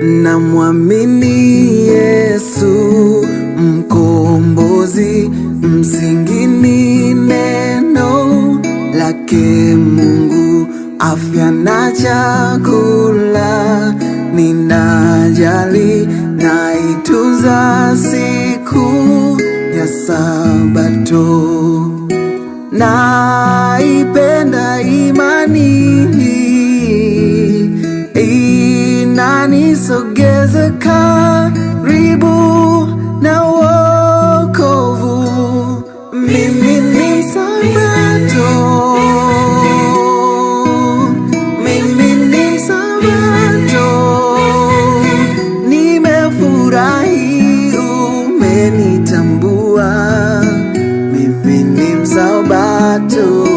Namwamini Yesu mkombozi, msingini neno lake Mungu, afya na chakula, ninajali naituza siku ya Sabato, naipenda imani Cheza karibu na wokovu, mimi ni Sabato, mimi ni Sabato, nimefurahi umenitambua, mimi ni Sabato.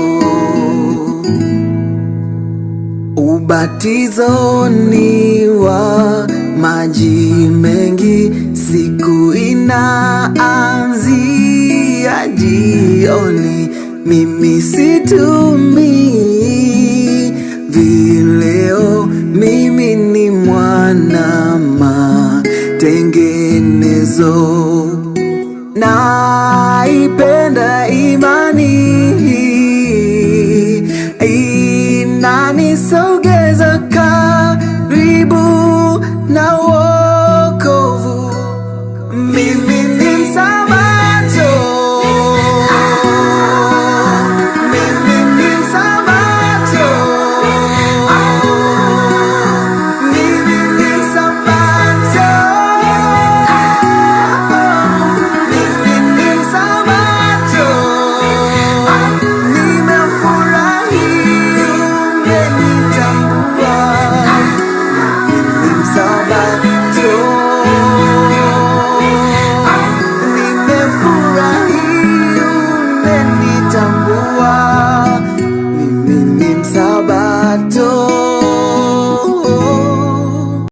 Ubatizo ni wa maji mengi, siku inaanzia jioni. Mimi situmii vileo, mimi ni mwana matengenezo, naipenda